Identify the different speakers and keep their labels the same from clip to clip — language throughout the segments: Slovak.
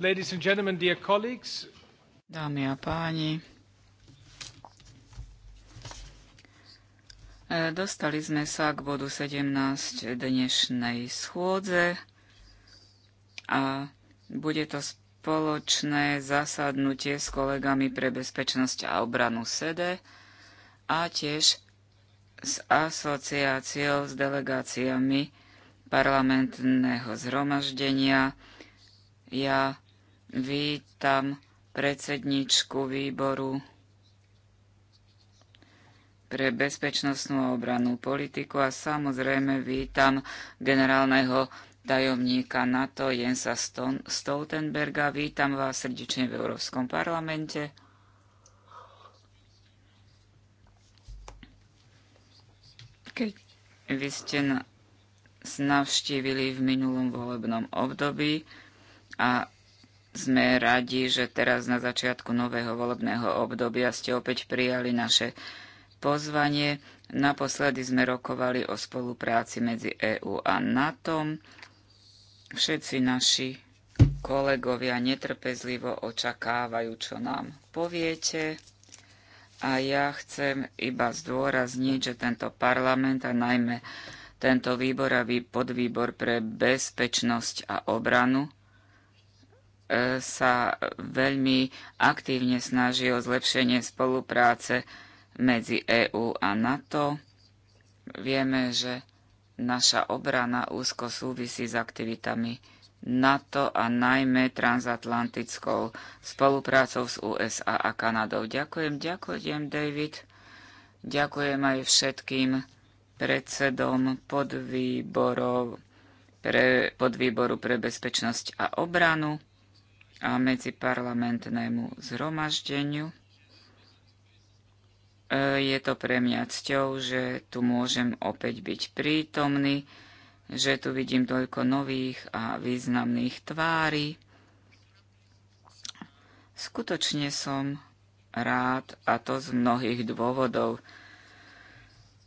Speaker 1: Ladies and gentlemen,
Speaker 2: dear colleagues. Dámy a páni, e, dostali sme sa k bodu 17 dnešnej schôdze a bude to spoločné zasadnutie s kolegami pre bezpečnosť a obranu SEDE a tiež s asociáciou, s delegáciami parlamentného zhromaždenia. Ja vítam predsedničku výboru pre bezpečnostnú a obranú politiku a samozrejme vítam generálneho tajomníka NATO Jensa Stoltenberga. Vítam vás srdečne v Európskom parlamente. Vy ste navštívili v minulom volebnom období a sme radi, že teraz na začiatku nového volebného obdobia ste opäť prijali naše pozvanie. Naposledy sme rokovali o spolupráci medzi EÚ a NATO. Všetci naši kolegovia netrpezlivo očakávajú, čo nám poviete. A ja chcem iba zdôrazniť, že tento parlament a najmä tento výbor a podvýbor pre bezpečnosť a obranu e, sa veľmi aktívne snaží o zlepšenie spolupráce medzi EÚ a NATO. Vieme, že naša obrana úzko súvisí s aktivitami NATO a najmä transatlantickou spoluprácou s USA a Kanadou. Ďakujem, ďakujem, David. Ďakujem aj všetkým predsedom podvýborov pre, podvýboru pre bezpečnosť a obranu a medziparlamentnému zhromaždeniu. E, je to pre mňa cťou, že tu môžem opäť byť prítomný že tu vidím toľko nových a významných tvári. Skutočne som rád a to z mnohých dôvodov.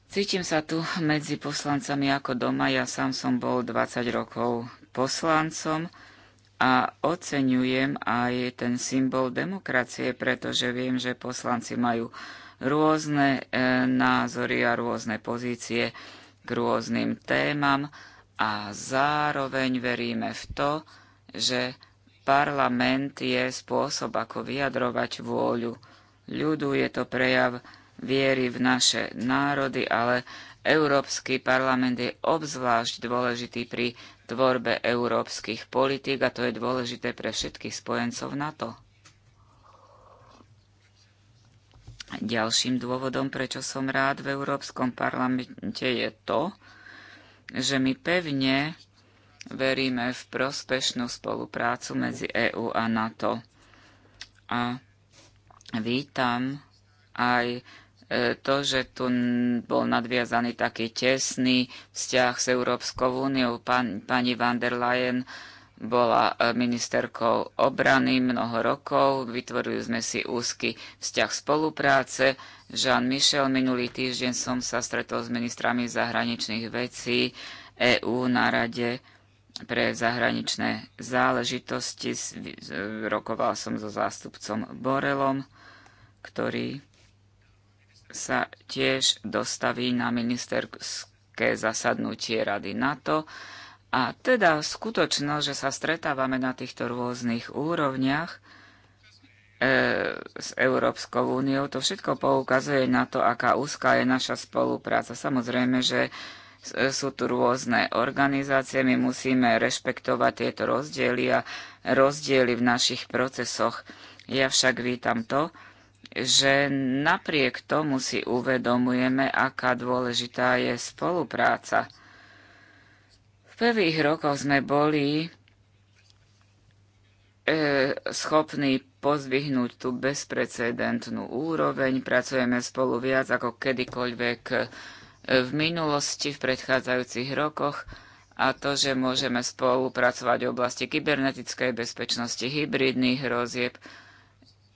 Speaker 2: Cítim sa tu medzi poslancami ako doma. Ja sám som bol 20 rokov poslancom a oceňujem aj ten symbol demokracie, pretože viem, že poslanci majú rôzne e, názory a rôzne pozície k rôznym témam a zároveň veríme v to, že parlament je spôsob, ako vyjadrovať vôľu ľudu, je to prejav viery v naše národy, ale Európsky parlament je obzvlášť dôležitý pri tvorbe európskych politík a to je dôležité pre všetkých spojencov NATO. Ďalším dôvodom, prečo som rád v Európskom parlamente, je to, že my pevne veríme v prospešnú spoluprácu medzi EÚ a NATO. A vítam aj e, to, že tu bol nadviazaný taký tesný vzťah s Európskou úniou. pani van der Leyen bola e, ministerkou obrany mnoho rokov, vytvorili sme si úzky vzťah spolupráce. Jean Michel, minulý týždeň som sa stretol s ministrami zahraničných vecí EÚ na Rade pre zahraničné záležitosti. Rokoval som so zástupcom Borelom, ktorý sa tiež dostaví na ministerské zasadnutie Rady NATO. A teda skutočnosť, že sa stretávame na týchto rôznych úrovniach e, s Európskou úniou, to všetko poukazuje na to, aká úzká je naša spolupráca. Samozrejme, že e, sú tu rôzne organizácie, my musíme rešpektovať tieto rozdiely a rozdiely v našich procesoch. Ja však vítam to, že napriek tomu si uvedomujeme, aká dôležitá je spolupráca. V prvých rokoch sme boli e, schopní pozvihnúť tú bezprecedentnú úroveň. Pracujeme spolu viac ako kedykoľvek e, v minulosti, v predchádzajúcich rokoch a to, že môžeme spolupracovať v oblasti kybernetickej bezpečnosti, hybridných hrozieb,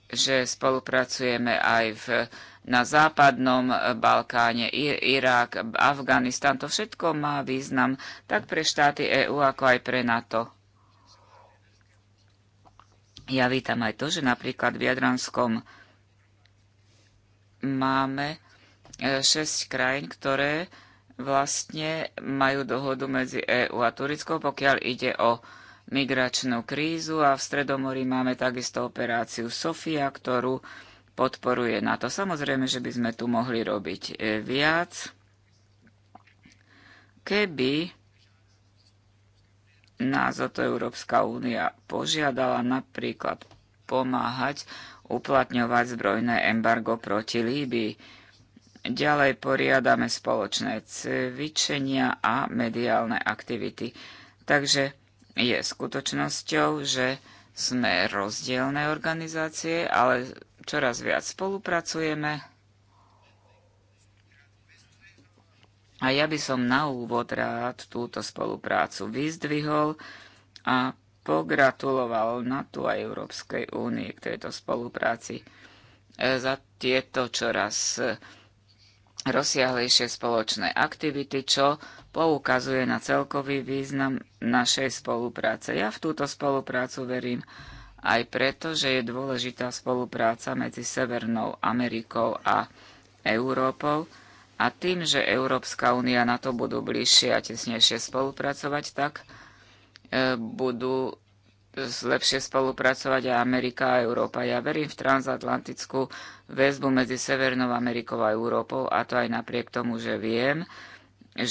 Speaker 2: že spolupracujeme aj v, na západnom Balkáne, Irák, Afganistan. To všetko má význam tak pre štáty EÚ, ako aj pre NATO. Ja vítam aj to, že napríklad v Jadranskom máme 6 e, krajín, ktoré vlastne majú dohodu medzi EÚ a Turickou, pokiaľ ide o migračnú krízu a v Stredomorí máme takisto operáciu Sofia, ktorú podporuje NATO. Samozrejme, že by sme tu mohli robiť e, viac, keby nás o to Európska únia požiadala napríklad pomáhať uplatňovať zbrojné embargo proti Líbii. Ďalej poriadame spoločné cvičenia a mediálne aktivity. Takže je skutočnosťou, že sme rozdielne organizácie, ale čoraz viac spolupracujeme. A ja by som na úvod rád túto spoluprácu vyzdvihol a pogratuloval na tú aj Európskej únii k tejto spolupráci e, za tieto čoraz rozsiahlejšie spoločné aktivity, čo poukazuje na celkový význam našej spolupráce. Ja v túto spoluprácu verím aj preto, že je dôležitá spolupráca medzi Severnou Amerikou a Európou a tým, že Európska únia na to budú bližšie a tesnejšie spolupracovať, tak e, budú lepšie spolupracovať aj Amerika a Európa. Ja verím v transatlantickú väzbu medzi Severnou Amerikou a Európou a to aj napriek tomu, že viem,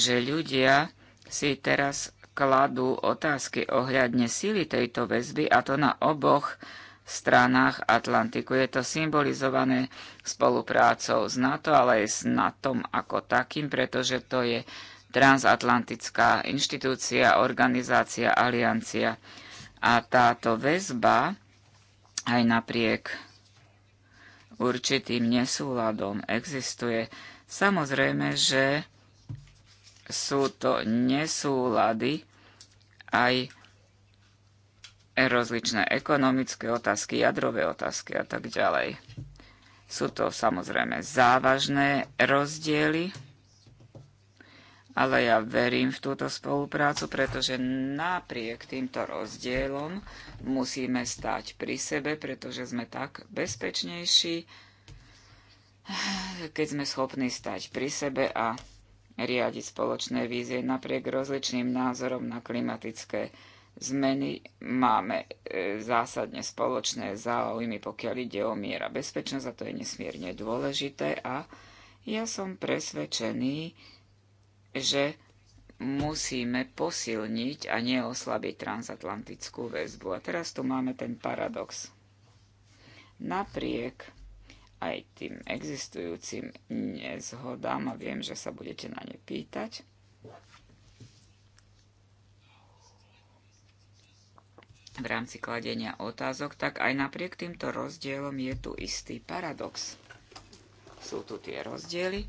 Speaker 2: že ľudia si teraz kladú otázky ohľadne síly tejto väzby a to na oboch stranách Atlantiku. Je to symbolizované spoluprácou s NATO, ale aj s NATO ako takým, pretože to je transatlantická inštitúcia, organizácia, aliancia. A táto väzba aj napriek určitým nesúladom existuje. Samozrejme, že sú to nesúlady aj rozličné ekonomické otázky, jadrové otázky a tak ďalej. Sú to samozrejme závažné rozdiely ale ja verím v túto spoluprácu, pretože napriek týmto rozdielom musíme stať pri sebe, pretože sme tak bezpečnejší, keď sme schopní stať pri sebe a riadiť spoločné vízie napriek rozličným názorom na klimatické zmeny. Máme e, zásadne spoločné záujmy, pokiaľ ide o mier a bezpečnosť, a to je nesmierne dôležité. A ja som presvedčený, že musíme posilniť a neoslabiť transatlantickú väzbu. A teraz tu máme ten paradox. Napriek aj tým existujúcim nezhodám, a viem, že sa budete na ne pýtať, v rámci kladenia otázok, tak aj napriek týmto rozdielom je tu istý paradox. Sú tu tie rozdiely,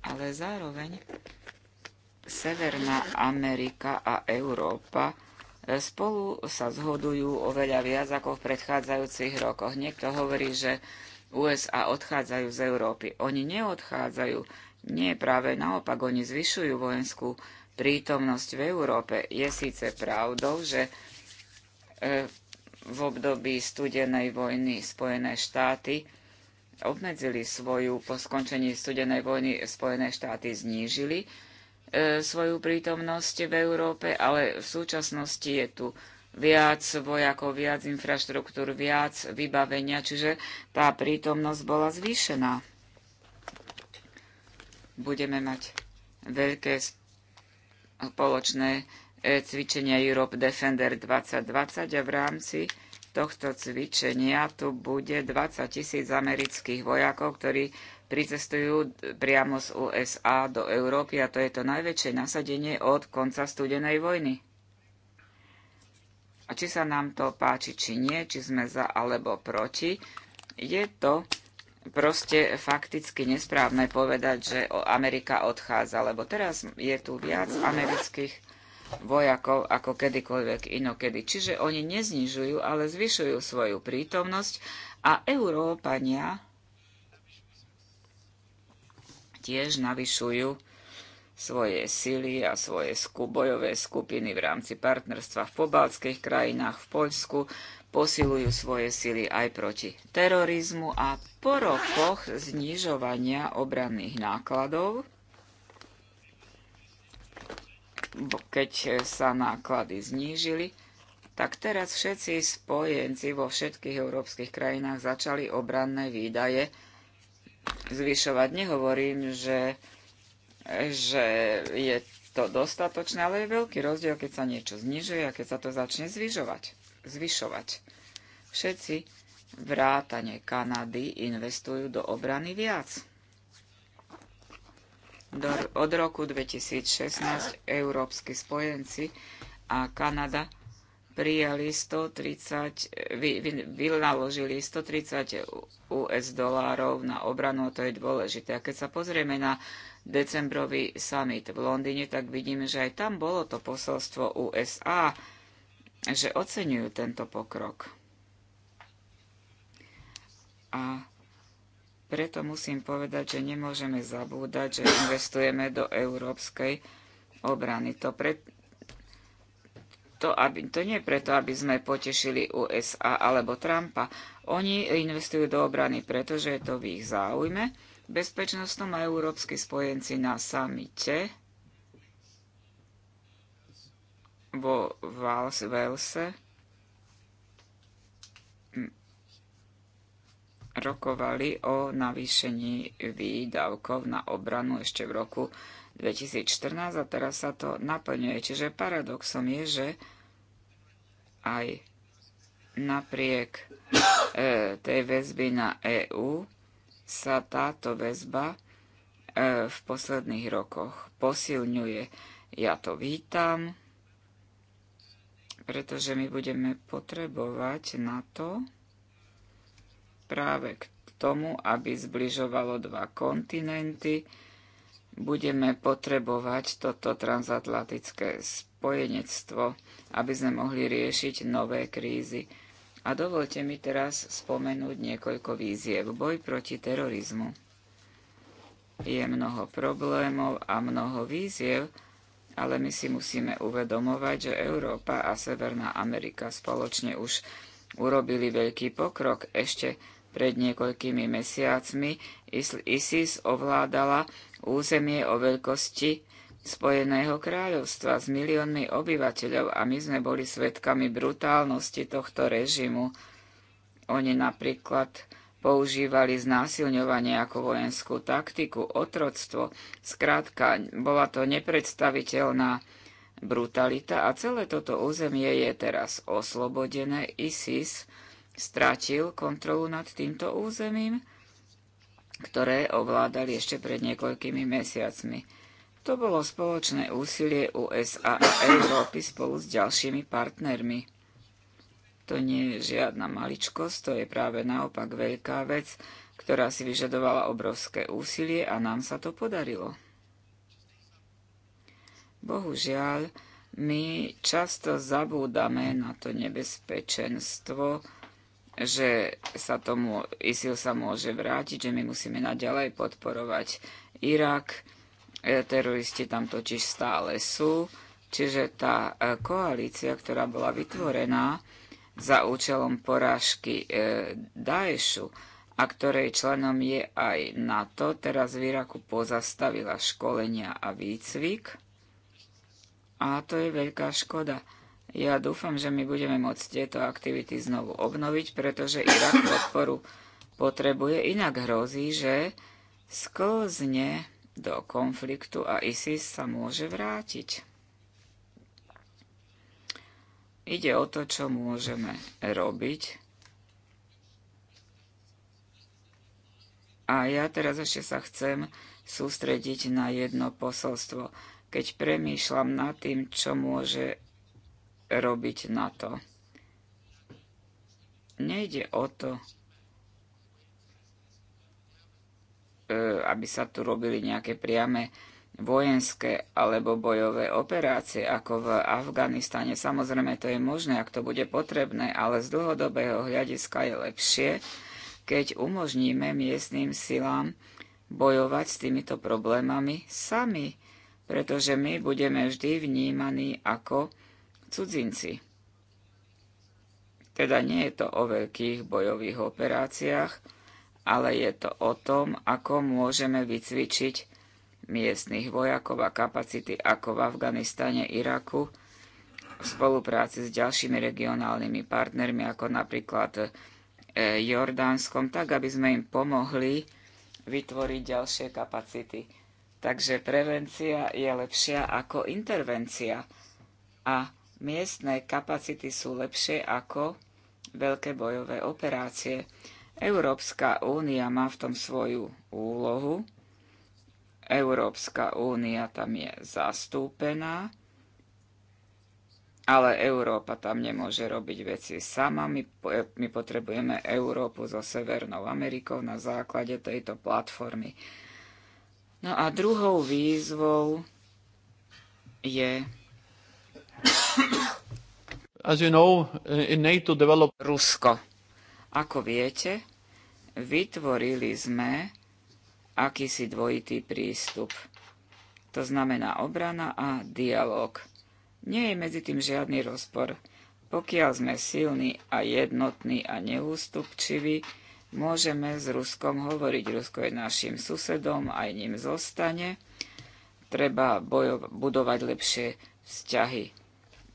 Speaker 2: ale zároveň Severná Amerika a Európa e, spolu sa zhodujú oveľa viac ako v predchádzajúcich rokoch. Niekto hovorí, že USA odchádzajú z Európy. Oni neodchádzajú. Nie, práve naopak, oni zvyšujú vojenskú prítomnosť v Európe. Je síce pravdou, že e, v období studenej vojny Spojené štáty obmedzili svoju, po skončení studenej vojny Spojené štáty znížili E, svoju prítomnosť v Európe, ale v súčasnosti je tu viac vojakov, viac infraštruktúr, viac vybavenia, čiže tá prítomnosť bola zvýšená. Budeme mať veľké spoločné e, cvičenia Europe Defender 2020 a v rámci tohto cvičenia tu bude 20 tisíc amerických vojakov, ktorí pricestujú priamo z USA do Európy a to je to najväčšie nasadenie od konca studenej vojny. A či sa nám to páči, či nie, či sme za alebo proti, je to proste fakticky nesprávne povedať, že Amerika odchádza, lebo teraz je tu viac amerických vojakov ako kedykoľvek inokedy. Čiže oni neznižujú, ale zvyšujú svoju prítomnosť a Európania tiež navyšujú svoje sily a svoje bojové skupiny v rámci partnerstva v pobaltských krajinách, v Poľsku, posilujú svoje sily aj proti terorizmu a po rokoch znižovania obranných nákladov, keď sa náklady znížili, tak teraz všetci spojenci vo všetkých európskych krajinách začali obranné výdaje zvyšovať. Nehovorím, že, že je to dostatočné, ale je veľký rozdiel, keď sa niečo znižuje a keď sa to začne zvyšovať. zvyšovať. Všetci vrátane Kanady investujú do obrany viac. Do, od roku 2016 európsky spojenci a Kanada prijali 130, vy, vy, vynaložili 130 US dolárov na obranu, a to je dôležité. A keď sa pozrieme na decembrový summit v Londýne, tak vidíme, že aj tam bolo to posolstvo USA, že oceňujú tento pokrok. A preto musím povedať, že nemôžeme zabúdať, že investujeme do európskej obrany. To, pre, to, aby, to nie preto, aby sme potešili USA alebo Trumpa. Oni investujú do obrany, pretože je to v ich záujme. Bezpečnostom a európsky spojenci na samite vo Walese. Rokovali o navýšení výdavkov na obranu ešte v roku 2014 a teraz sa to naplňuje. Čiže paradoxom je, že aj napriek e, tej väzby na EÚ sa táto väzba e, v posledných rokoch posilňuje. Ja to vítam, pretože my budeme potrebovať na to práve k tomu, aby zbližovalo dva kontinenty, budeme potrebovať toto transatlantické spojenectvo, aby sme mohli riešiť nové krízy. A dovolte mi teraz spomenúť niekoľko víziev. Boj proti terorizmu. Je mnoho problémov a mnoho víziev, ale my si musíme uvedomovať, že Európa a Severná Amerika spoločne už urobili veľký pokrok. Ešte pred niekoľkými mesiacmi ISIS ovládala územie o veľkosti Spojeného kráľovstva s miliónmi obyvateľov a my sme boli svedkami brutálnosti tohto režimu. Oni napríklad používali znásilňovanie ako vojenskú taktiku, otroctvo. Skrátka, bola to nepredstaviteľná brutalita a celé toto územie je teraz oslobodené. ISIS stratil kontrolu nad týmto územím ktoré ovládali ešte pred niekoľkými mesiacmi. To bolo spoločné úsilie USA a Európy spolu s ďalšími partnermi. To nie je žiadna maličkosť, to je práve naopak veľká vec, ktorá si vyžadovala obrovské úsilie a nám sa to podarilo. Bohužiaľ, my často zabúdame na to nebezpečenstvo, že sa tomu ISIL sa môže vrátiť, že my musíme naďalej podporovať Irak. E, teroristi tam totiž stále sú. Čiže tá e, koalícia, ktorá bola vytvorená za účelom porážky e, Daešu a ktorej členom je aj NATO, teraz v Iraku pozastavila školenia a výcvik. A to je veľká škoda ja dúfam, že my budeme môcť tieto aktivity znovu obnoviť, pretože Irak podporu potrebuje, inak hrozí, že sklzne do konfliktu a ISIS sa môže vrátiť. Ide o to, čo môžeme robiť. A ja teraz ešte sa chcem sústrediť na jedno posolstvo. Keď premýšľam nad tým, čo môže robiť na to. Nejde o to, e, aby sa tu robili nejaké priame vojenské alebo bojové operácie ako v Afganistane. Samozrejme, to je možné, ak to bude potrebné, ale z dlhodobého hľadiska je lepšie, keď umožníme miestnym silám bojovať s týmito problémami sami, pretože my budeme vždy vnímaní ako cudzinci. Teda nie je to o veľkých bojových operáciách, ale je to o tom, ako môžeme vycvičiť miestnych vojakov a kapacity ako v Afganistane, Iraku, v spolupráci s ďalšími regionálnymi partnermi, ako napríklad e, Jordánskom, tak aby sme im pomohli vytvoriť ďalšie kapacity. Takže prevencia je lepšia ako intervencia. A Miestne kapacity sú lepšie ako veľké bojové operácie. Európska únia má v tom svoju úlohu. Európska únia tam je zastúpená, ale Európa tam nemôže robiť veci sama. My, my potrebujeme Európu so Severnou Amerikou na základe tejto platformy. No a druhou výzvou je As you know, eh, in NATO develop... Rusko. Ako viete, vytvorili sme akýsi dvojitý prístup. To znamená obrana a dialog. Nie je medzi tým žiadny rozpor. Pokiaľ sme silní a jednotní a neústupčiví, môžeme s Ruskom hovoriť. Rusko je našim susedom, aj ním zostane. Treba budovať lepšie vzťahy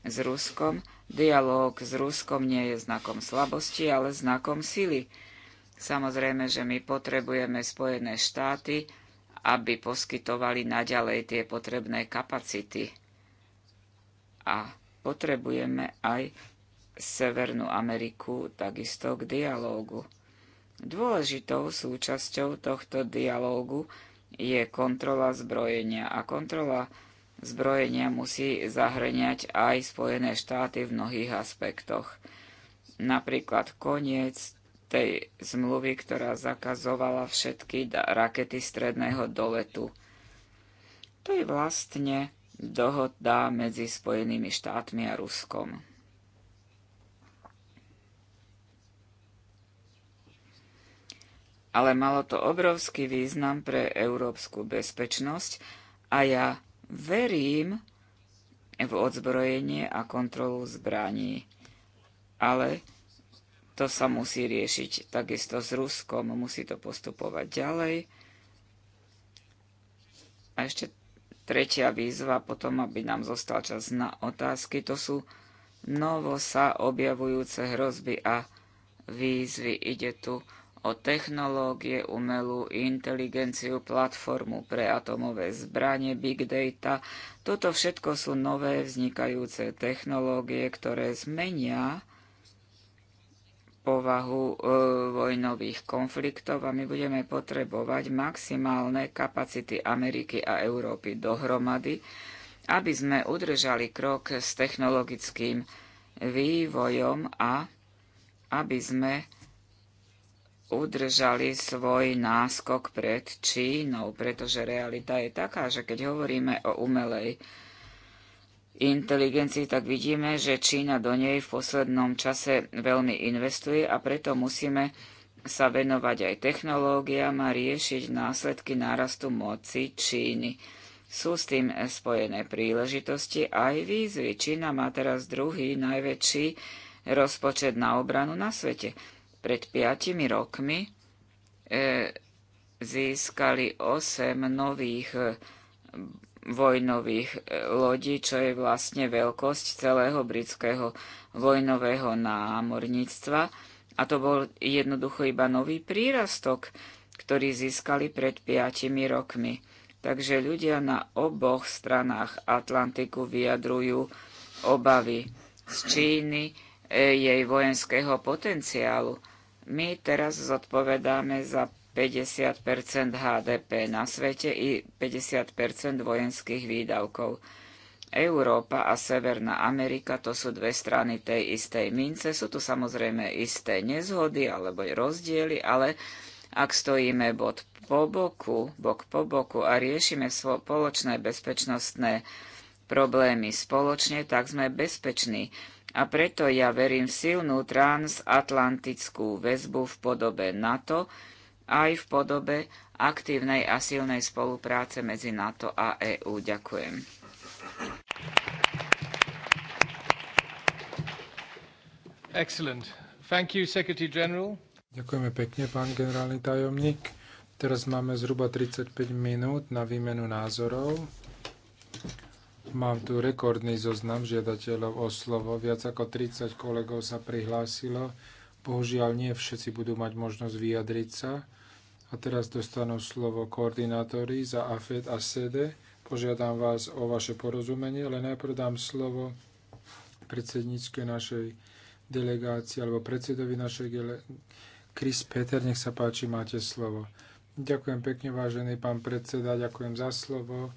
Speaker 2: s Ruskom Dialóg s Ruskom nie je znakom slabosti, ale znakom sily. Samozrejme, že my potrebujeme Spojené štáty, aby poskytovali naďalej tie potrebné kapacity. A potrebujeme aj Severnú Ameriku takisto k dialógu. Dôležitou súčasťou tohto dialógu je kontrola zbrojenia a kontrola zbrojenia zbrojenia musí zahrňať aj Spojené štáty v mnohých aspektoch. Napríklad koniec tej zmluvy, ktorá zakazovala všetky rakety stredného doletu. To je vlastne dohoda medzi Spojenými štátmi a Ruskom. Ale malo to obrovský význam pre európsku bezpečnosť a ja Verím v odzbrojenie a kontrolu zbraní, ale to sa musí riešiť takisto s Ruskom, musí to postupovať ďalej. A ešte tretia výzva, potom aby nám zostal čas na otázky, to sú novo sa objavujúce hrozby a výzvy. Ide tu o technológie, umelú inteligenciu, platformu pre atomové zbranie, big data. Toto všetko sú nové vznikajúce technológie, ktoré zmenia povahu e, vojnových konfliktov a my budeme potrebovať maximálne kapacity Ameriky a Európy dohromady, aby sme udržali krok s technologickým vývojom a aby sme udržali svoj náskok pred Čínou, pretože realita je taká, že keď hovoríme o umelej inteligencii, tak vidíme, že Čína do nej v poslednom čase veľmi investuje a preto musíme sa venovať aj technológiám a riešiť následky nárastu moci Číny. Sú s tým spojené príležitosti aj výzvy. Čína má teraz druhý najväčší rozpočet na obranu na svete. Pred piatimi rokmi e, získali 8 nových e, vojnových e, lodí, čo je vlastne veľkosť celého britského vojnového námorníctva. A to bol jednoducho iba nový prírastok, ktorý získali pred 5 rokmi. Takže ľudia na oboch stranách Atlantiku vyjadrujú obavy z Číny, jej vojenského potenciálu my teraz zodpovedáme za 50 HDP na svete i 50 vojenských výdavkov. Európa a Severná Amerika to sú dve strany tej istej mince. Sú tu samozrejme isté nezhody alebo rozdiely, ale ak stojíme bod po boku, bok po boku a riešime spoločné bezpečnostné problémy spoločne, tak sme bezpeční a preto ja verím v silnú transatlantickú väzbu v podobe NATO aj v podobe aktívnej a silnej spolupráce medzi NATO a EÚ. Ďakujem.
Speaker 1: Excellent. Thank you, Secretary General. Ďakujeme pekne, pán generálny tajomník. Teraz máme zhruba 35 minút na výmenu názorov. Mám tu rekordný zoznam žiadateľov o slovo. Viac ako 30 kolegov sa prihlásilo. Bohužiaľ, nie všetci budú mať možnosť vyjadriť sa. A teraz dostanú slovo koordinátori za AFED a SEDE. Požiadam vás o vaše porozumenie, ale najprv dám slovo predsedničke našej delegácie alebo predsedovi našej delegácie. Chris Peter, nech sa páči, máte slovo. Ďakujem pekne, vážený pán predseda, ďakujem za slovo.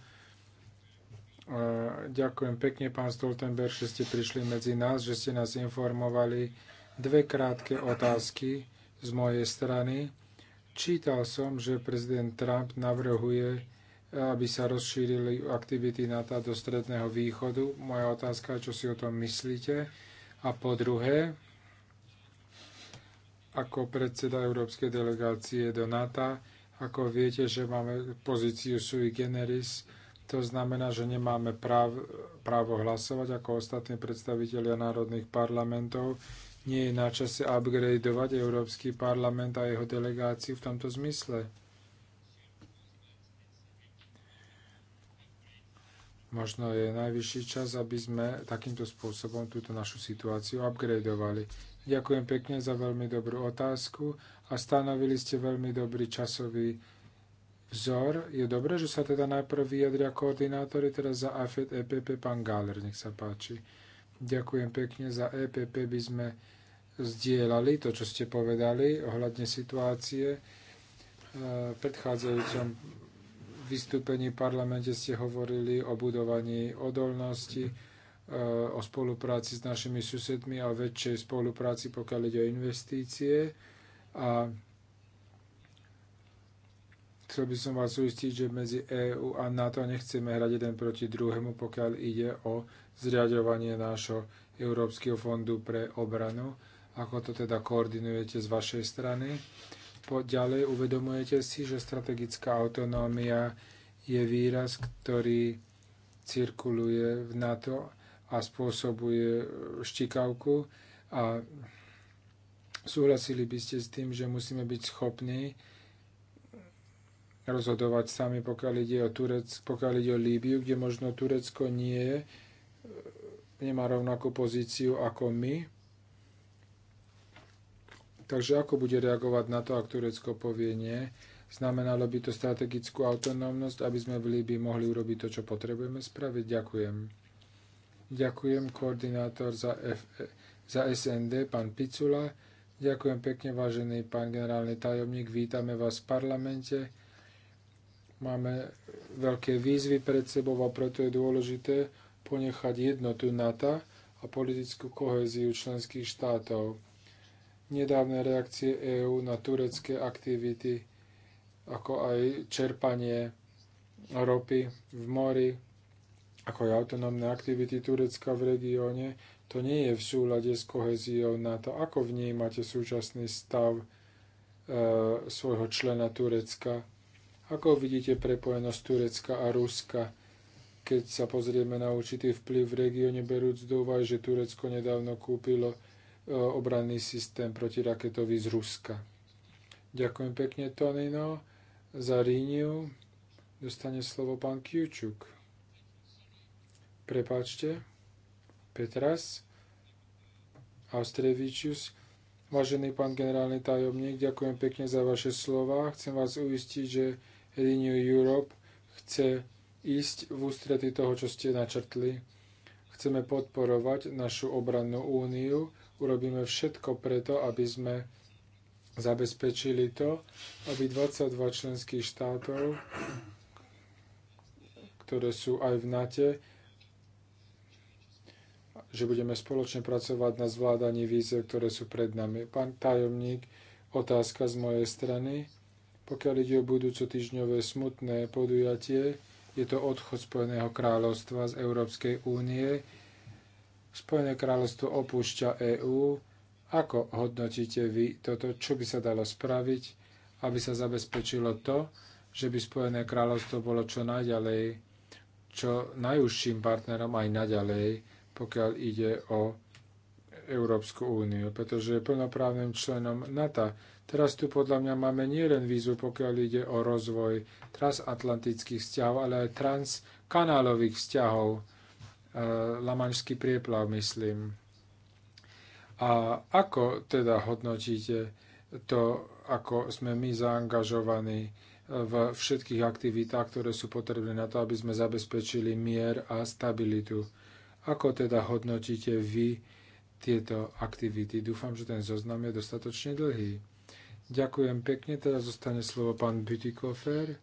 Speaker 1: Ďakujem pekne, pán Stoltenberg, že ste prišli medzi nás, že ste nás informovali. Dve krátke otázky z mojej strany. Čítal som, že prezident Trump navrhuje, aby sa rozšírili aktivity NATO do Stredného východu. Moja otázka je, čo si o tom myslíte. A po druhé, ako predseda Európskej delegácie do NATO, ako viete, že máme pozíciu sui generis, to znamená, že nemáme práv, právo hlasovať ako ostatní predstavitelia národných parlamentov. Nie je na čase upgradeovať Európsky parlament a jeho delegáciu v tomto zmysle. Možno je najvyšší čas, aby sme takýmto spôsobom túto našu situáciu upgradeovali. Ďakujem pekne za veľmi dobrú otázku a stanovili ste veľmi dobrý časový vzor. Je dobré, že sa teda najprv vyjadria koordinátori, teraz za AFED EPP pán Galer, nech sa páči. Ďakujem pekne. Za EPP by sme zdieľali to, čo ste povedali ohľadne situácie. E, v predchádzajúcom vystúpení v parlamente ste hovorili o budovaní odolnosti, e, o spolupráci s našimi susedmi a o väčšej spolupráci, pokiaľ ide o investície. A Chcel by som vás uistiť, že medzi EÚ a NATO nechceme hrať jeden proti druhému, pokiaľ ide o zriadovanie nášho Európskeho fondu pre obranu. Ako to teda koordinujete z vašej strany? Po, ďalej uvedomujete si, že strategická autonómia je výraz, ktorý cirkuluje v NATO a spôsobuje štikavku a súhlasili by ste s tým, že musíme byť schopní rozhodovať sami, pokiaľ ide o, Turec, pokiaľ ide o Líbiu, kde možno Turecko nie je, e, nemá rovnakú pozíciu ako my. Takže ako bude reagovať na to, ak Turecko povie nie? Znamenalo by to strategickú autonómnosť, aby sme v Líbii mohli urobiť to, čo potrebujeme spraviť? Ďakujem. Ďakujem koordinátor za, F- za SND, pán Picula. Ďakujem pekne, vážený pán generálny tajomník. Vítame vás v parlamente Máme veľké výzvy pred sebou a preto je dôležité ponechať jednotu NATO a politickú koheziu členských štátov. Nedávne reakcie EÚ na turecké aktivity, ako aj čerpanie ropy v mori, ako aj autonómne aktivity Turecka v regióne, to nie je v súlade s koheziou NATO. Ako vnímate súčasný stav e, svojho člena Turecka ako vidíte prepojenosť Turecka a Ruska? Keď sa pozrieme na určitý vplyv v regióne, berúc do úvahy, že Turecko nedávno kúpilo e, obranný systém protiraketový z Ruska. Ďakujem pekne, Tonino. Za Ríniu dostane slovo pán Kiučuk. Prepáčte, Petras, Austrevičius, Vážený pán generálny tajomník, ďakujem pekne za vaše slova. Chcem vás uistiť, že Renew Europe chce ísť v ústrety toho, čo ste načrtli. Chceme podporovať našu obrannú úniu. Urobíme všetko preto, aby sme zabezpečili to, aby 22 členských štátov, ktoré sú aj v NATO, e, že budeme spoločne pracovať na zvládaní výzev, ktoré sú pred nami. Pán tajomník, otázka z mojej strany. Pokiaľ ide o budúco týždňové smutné podujatie, je to odchod Spojeného kráľovstva z Európskej únie. Spojené kráľovstvo opúšťa EÚ. Ako hodnotíte vy toto, čo by sa dalo spraviť, aby sa zabezpečilo to, že by Spojené kráľovstvo bolo čo najďalej, čo najúžším partnerom aj naďalej pokiaľ ide o Európsku úniu, pretože je plnoprávnym členom NATO. Teraz tu podľa mňa máme nielen vízu, pokiaľ ide o rozvoj transatlantických vzťahov, ale aj transkanálových vzťahov, e, lamanský prieplav, myslím. A ako teda hodnotíte to, ako sme my zaangažovaní e, v všetkých aktivitách, ktoré sú potrebné na to, aby sme zabezpečili mier a stabilitu? Ako teda hodnotíte vy tieto aktivity? Dúfam, že ten zoznam je dostatočne dlhý. Ďakujem pekne, teraz zostane slovo pán Bütikofer.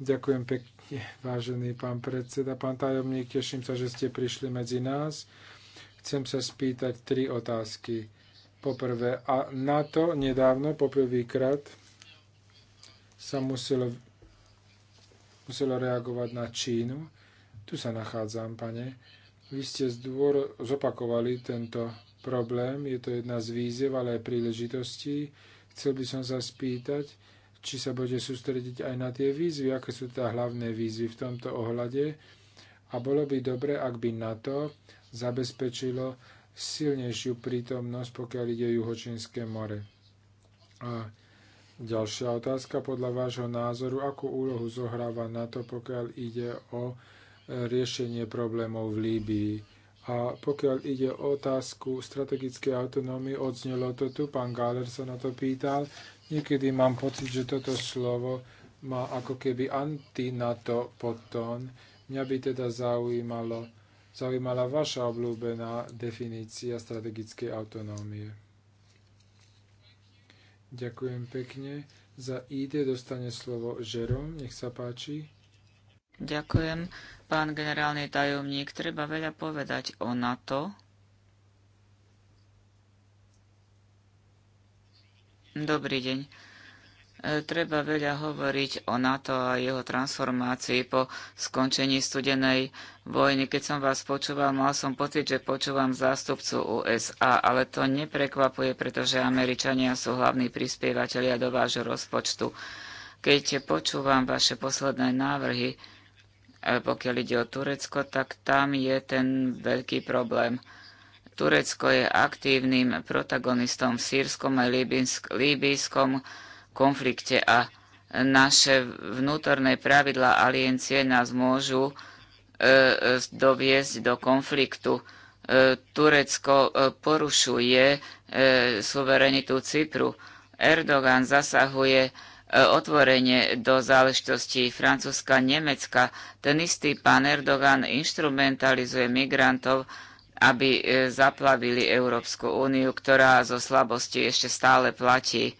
Speaker 1: Ďakujem pekne, vážený pán predseda. Pán tajomník, teším sa, že ste prišli medzi nás. Chcem sa spýtať tri otázky. Poprvé, a na to nedávno, poprvýkrát, sa muselo, muselo reagovať na Čínu. Tu sa nachádzam, pane vy ste zdôr zopakovali tento problém, je to jedna z výziev, ale aj príležitostí. Chcel by som sa spýtať, či sa bude sústrediť aj na tie výzvy, aké sú tá hlavné výzvy v tomto ohľade. A bolo by dobre, ak by NATO zabezpečilo silnejšiu prítomnosť, pokiaľ ide o Juhočínske more. A ďalšia otázka podľa vášho názoru, akú úlohu zohráva NATO, pokiaľ ide o riešenie problémov v Líbii. A pokiaľ ide o otázku strategickej autonómie, odznelo to tu, pán Gáler sa na to pýtal. Niekedy mám pocit, že toto slovo má ako keby anti-NATO podtón. Mňa by teda zaujímalo, zaujímala vaša obľúbená definícia strategickej autonómie. Ďakujem pekne. Za ID dostane slovo Žerom, nech sa páči.
Speaker 2: Ďakujem. Pán generálny tajomník, treba veľa povedať o NATO. Dobrý deň. E, treba veľa hovoriť o NATO a jeho transformácii po skončení studenej vojny. Keď som vás počúval, mal som pocit, že počúvam zástupcu USA, ale to neprekvapuje, pretože Američania sú hlavní prispievateľia do vášho rozpočtu. Keď počúvam vaše posledné návrhy, pokiaľ ide o Turecko, tak tam je ten veľký problém. Turecko je aktívnym protagonistom v sírskom a líbijskom konflikte a naše vnútorné pravidlá aliencie nás môžu e, e, doviesť do konfliktu. E, Turecko e, porušuje e, suverenitu Cypru. Erdogan zasahuje E, otvorenie do záležitostí Francúzska, Nemecka. Ten istý pán Erdogan instrumentalizuje migrantov, aby e, zaplavili Európsku úniu, ktorá zo slabosti ešte stále platí.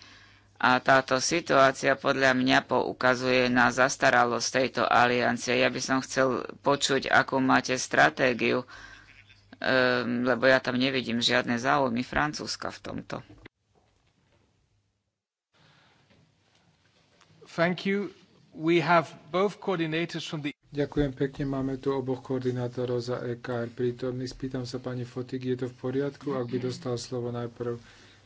Speaker 2: A táto situácia podľa mňa poukazuje na zastaralosť tejto aliancie. Ja by som chcel počuť, akú máte stratégiu, e, lebo ja tam nevidím žiadne záujmy Francúzska v tomto.
Speaker 1: Ďakujem pekne, máme tu oboch koordinátorov za EKR prítomných. Spýtam sa pani Fotik, je to v poriadku, ak by dostal slovo najprv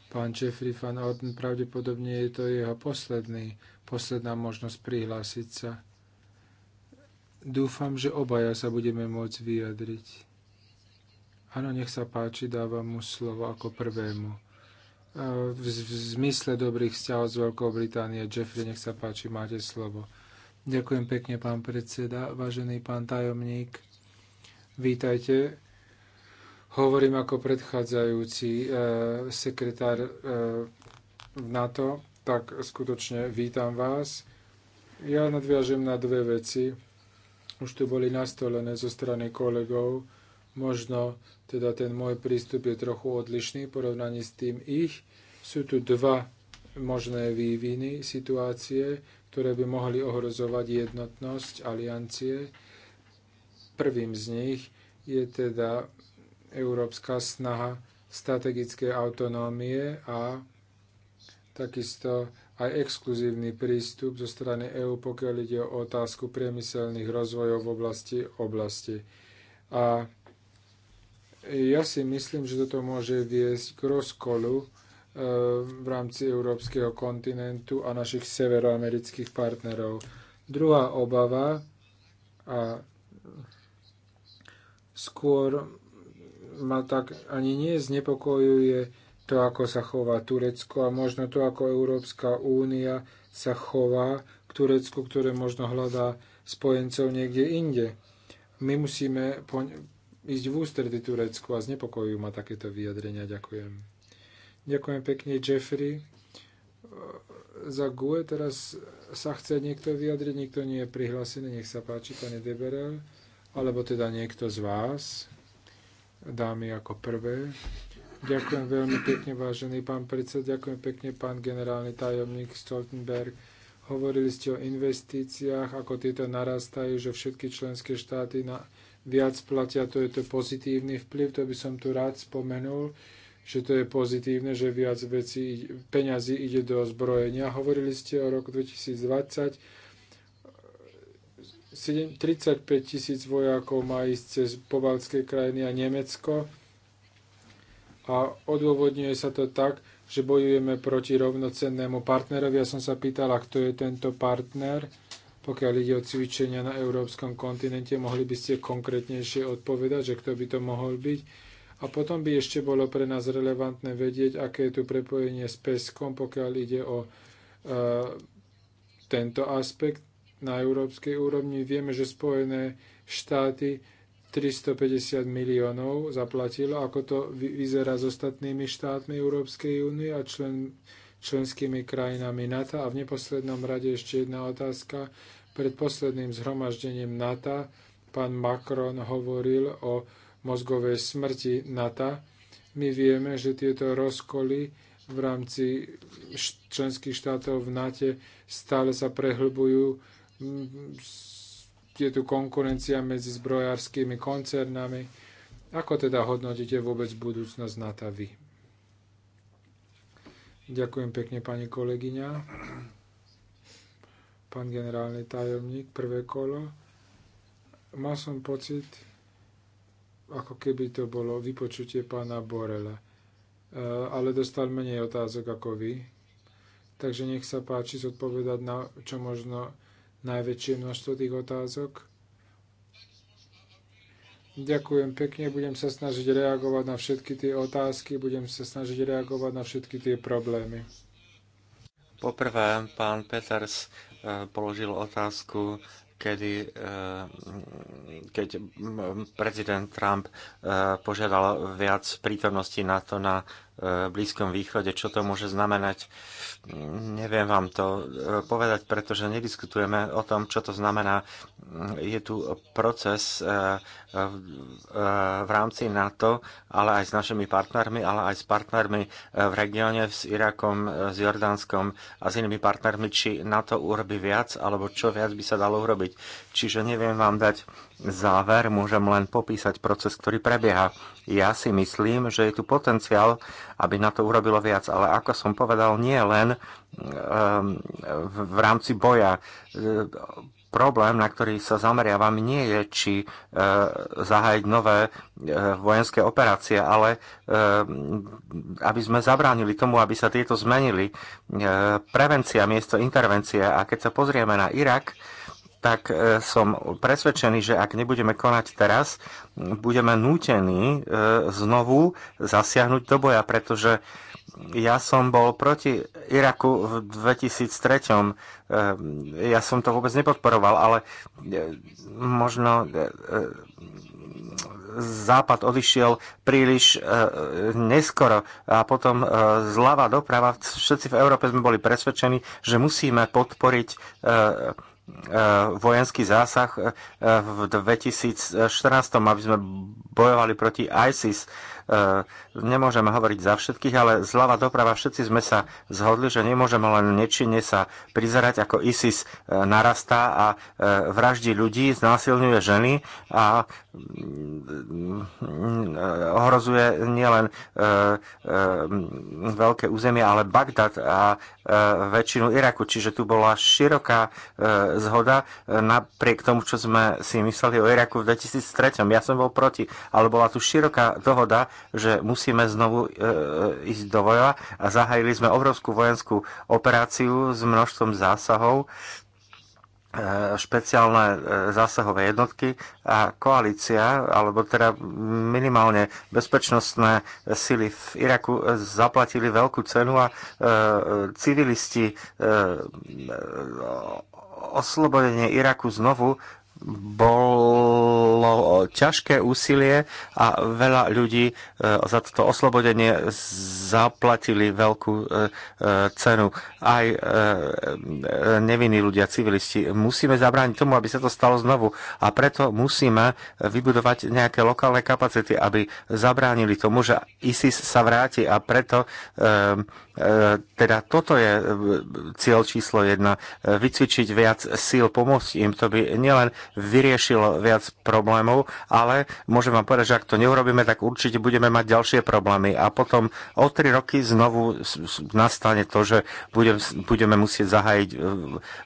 Speaker 1: pán Jeffrey van Orden, pravdepodobne je to jeho posledný, posledná možnosť prihlásiť sa. Dúfam, že obaja sa budeme môcť vyjadriť. Áno, nech sa páči, dávam mu slovo ako prvému v, v zmysle dobrých vzťahov z Veľkou Británie. Jeffrey, nech sa páči, máte slovo. Ďakujem pekne, pán predseda, vážený pán tajomník. Vítajte. Hovorím ako predchádzajúci e, sekretár e, NATO, tak skutočne vítam vás. Ja nadviažem na dve veci. Už tu boli nastolené zo strany kolegov Možno teda ten môj prístup je trochu odlišný v porovnaní s tým ich. Sú tu dva možné výviny situácie, ktoré by mohli ohrozovať jednotnosť aliancie. Prvým z nich je teda európska snaha strategické autonómie a takisto aj exkluzívny prístup zo strany EÚ, pokiaľ ide o otázku priemyselných rozvojov v oblasti oblasti. A ja si myslím, že toto môže viesť k rozkolu eh, v rámci európskeho kontinentu a našich severoamerických partnerov. Druhá obava a skôr ma tak ani nie znepokojuje to, ako sa chová Turecko a možno to, ako Európska únia sa chová k Turecku, ktoré možno hľadá spojencov niekde inde. My musíme ísť v ústredy Turecku a znepokojujú ma takéto vyjadrenia. Ďakujem. Ďakujem pekne, Jeffrey. Za GUE teraz sa chce niekto vyjadriť, nikto nie je prihlásený, nech sa páči, pani Deberel, alebo teda niekto z vás, dámy ako prvé. Ďakujem veľmi pekne, vážený pán predseda, ďakujem pekne, pán generálny tajomník Stoltenberg. Hovorili ste o investíciách, ako tieto narastajú, že všetky členské štáty na, viac platia, to je to pozitívny vplyv, to by som tu rád spomenul, že to je pozitívne, že viac veci, peňazí ide do zbrojenia. Hovorili ste o roku 2020, 35 tisíc vojakov má ísť cez pobaltské krajiny a Nemecko a odôvodňuje sa to tak, že bojujeme proti rovnocennému partnerovi. Ja som sa pýtala, kto je tento partner pokiaľ ide o cvičenia na európskom kontinente, mohli by ste konkrétnejšie odpovedať, že kto by to mohol byť. A potom by ešte bolo pre nás relevantné vedieť, aké je tu prepojenie s peskom, pokiaľ ide o e, tento aspekt na európskej úrovni. Vieme, že Spojené štáty 350 miliónov zaplatilo, ako to vyzerá s ostatnými štátmi Európskej únie a člen, členskými krajinami NATO. A v neposlednom rade ešte jedna otázka. Pred posledným zhromaždením NATO pán Macron hovoril o mozgovej smrti NATO. My vieme, že tieto rozkoly v rámci členských štátov v NATO stále sa prehlbujú. Mm, je tu konkurencia medzi zbrojárskými koncernami. Ako teda hodnotíte vôbec budúcnosť NATO vy? Ďakujem pekne, pani kolegyňa pán generálny tajomník, prvé kolo. Mal som pocit, ako keby to bolo vypočutie pána Borela. E, ale dostal menej otázok ako vy. Takže nech sa páči zodpovedať na čo možno najväčšie množstvo tých otázok. Ďakujem pekne, budem sa snažiť reagovať na všetky tie otázky, budem sa snažiť reagovať na všetky tie problémy.
Speaker 3: Poprvé, pán Peters, položil otázku, kedy, eh, keď prezident Trump eh, požiadal viac prítomnosti NATO na Blízkom východe, čo to môže znamenať. Neviem vám to e, povedať, pretože nediskutujeme o tom, čo to znamená. Je tu proces e, e, v rámci NATO, ale aj s našimi partnermi, ale aj s partnermi v regióne, s Irakom, s Jordánskom a s inými partnermi, či NATO urobí viac, alebo čo viac by sa dalo urobiť. Čiže neviem vám dať záver, môžem len popísať proces, ktorý prebieha. Ja si myslím, že je tu potenciál, aby na to urobilo viac, ale ako som povedal, nie len ehm, v rámci boja. E, problém, na ktorý sa zameriavam, nie je, či e, zahájiť nové e, vojenské operácie, ale e, aby sme zabránili tomu, aby sa tieto zmenili. prevencia miesto intervencie. A keď sa pozrieme na Irak, tak e, som presvedčený, že ak nebudeme konať teraz, budeme nútení e, znovu zasiahnuť do boja, pretože ja som bol proti Iraku v 2003. E, ja som to vôbec nepodporoval, ale možno Západ odišiel príliš neskoro a potom zľava doprava. Všetci v Európe sme boli presvedčení, že musíme podporiť E, vojenský zásah e, e, v 2014, aby sme bojovali proti ISIS. E, nemôžeme hovoriť za všetkých, ale zľava doprava všetci sme sa zhodli, že nemôžeme len nečine sa prizerať, ako ISIS e, narastá a e, vraždí ľudí, znásilňuje ženy a mm, ohrozuje nielen veľké územie, ale Bagdad a väčšinu Iraku. Čiže tu bola široká zhoda napriek tomu, čo sme si mysleli o Iraku v 2003. Ja som bol proti, ale bola tu široká dohoda že musíme znovu e, e ísť do voja a zahájili sme obrovskú vojenskú operáciu s množstvom zásahov, e, špeciálne e, zásahové jednotky a koalícia, alebo teda minimálne bezpečnostné sily v Iraku zaplatili veľkú cenu a civilisti oslobodenie Iraku znovu bolo ťažké úsilie a veľa ľudí e, za toto oslobodenie zaplatili veľkú e, e, cenu. Aj nevinní ľudia, civilisti. Musíme zabrániť tomu, aby sa to stalo znovu a preto musíme vybudovať nejaké lokálne kapacity, aby zabránili tomu, že ISIS sa vráti a preto teda toto je cieľ číslo jedna. Vycvičiť viac síl, pomôcť im. To by nielen vyriešil viac problémov, ale môžem vám povedať, že ak to neurobíme, tak určite budeme mať ďalšie problémy. A potom o tri roky znovu nastane to, že budeme musieť zahájiť e,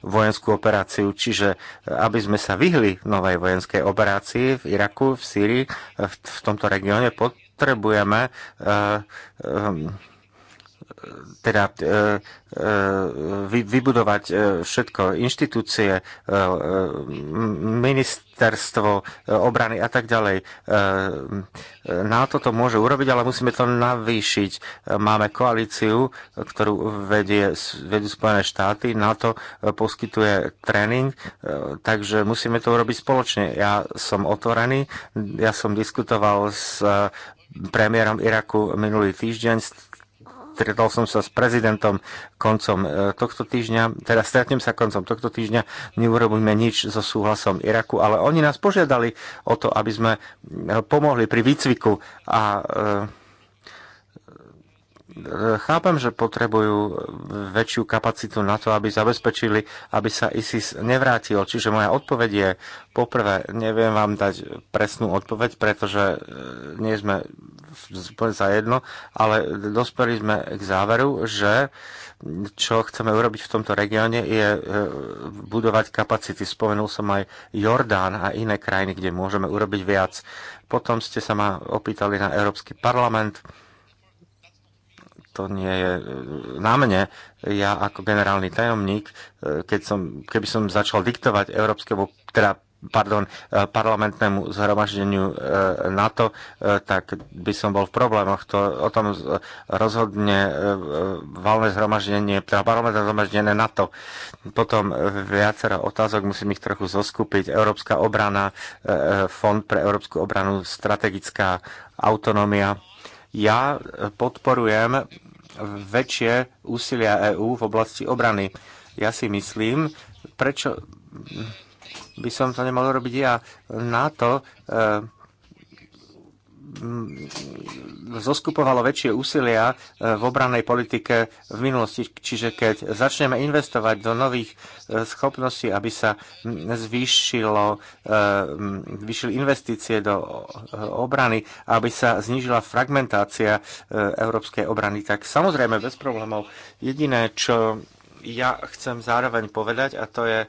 Speaker 3: vojenskú operáciu. Čiže e, aby sme sa vyhli novej vojenskej operácii v Iraku, v Sýrii, e, v tomto regióne, potrebujeme uh, um, teda e, e, vybudovať e, všetko, inštitúcie, ministerstvo obrany a tak ďalej. Na toto môže urobiť, ale musíme to navýšiť. Máme koalíciu, ktorú vedie, vedú Spojené štáty, NATO poskytuje tréning, takže musíme to urobiť spoločne. Ja som otvorený, ja som diskutoval s premiérom Iraku minulý týždeň, stretol som sa s prezidentom koncom e, tohto týždňa, teda stretnem sa koncom tohto týždňa, neurobíme nič so súhlasom Iraku, ale oni nás požiadali o to, aby sme e, pomohli pri výcviku a e, Chápem, že potrebujú väčšiu kapacitu na to, aby zabezpečili, aby sa ISIS nevrátil. Čiže moja odpoveď je, poprvé, neviem vám dať presnú odpoveď, pretože e, nie sme za jedno, ale dospeli sme k záveru, že čo chceme urobiť v tomto regióne je e, budovať kapacity. Spomenul som aj Jordán a iné krajiny, kde môžeme urobiť viac. Potom ste sa ma opýtali na Európsky parlament to nie je e, na mne. Ja ako generálny tajomník, e, keď som, keby som začal diktovať európskemu, teda pardon, e, parlamentnému zhromaždeniu NATO, tak by som bol v problémoch. To, o tom rozhodne valné zhromaždenie, teda parlamentné zhromaždenie NATO. Potom viacero otázok, musím ich trochu zoskupiť. Európska obrana, Fond pre európsku obranu, strategická autonómia ja podporujem väčšie úsilia EÚ v oblasti obrany. Ja si myslím, prečo by som to nemal robiť ja. NATO e, zoskupovalo väčšie úsilia e, v obrannej politike v minulosti. Čiže keď začneme investovať do nových e, schopností, aby sa zvýšilo, e, zvýšili investície do obrany, aby sa znížila fragmentácia európskej obrany, tak samozrejme bez problémov. Jediné, čo ja chcem zároveň povedať, a to je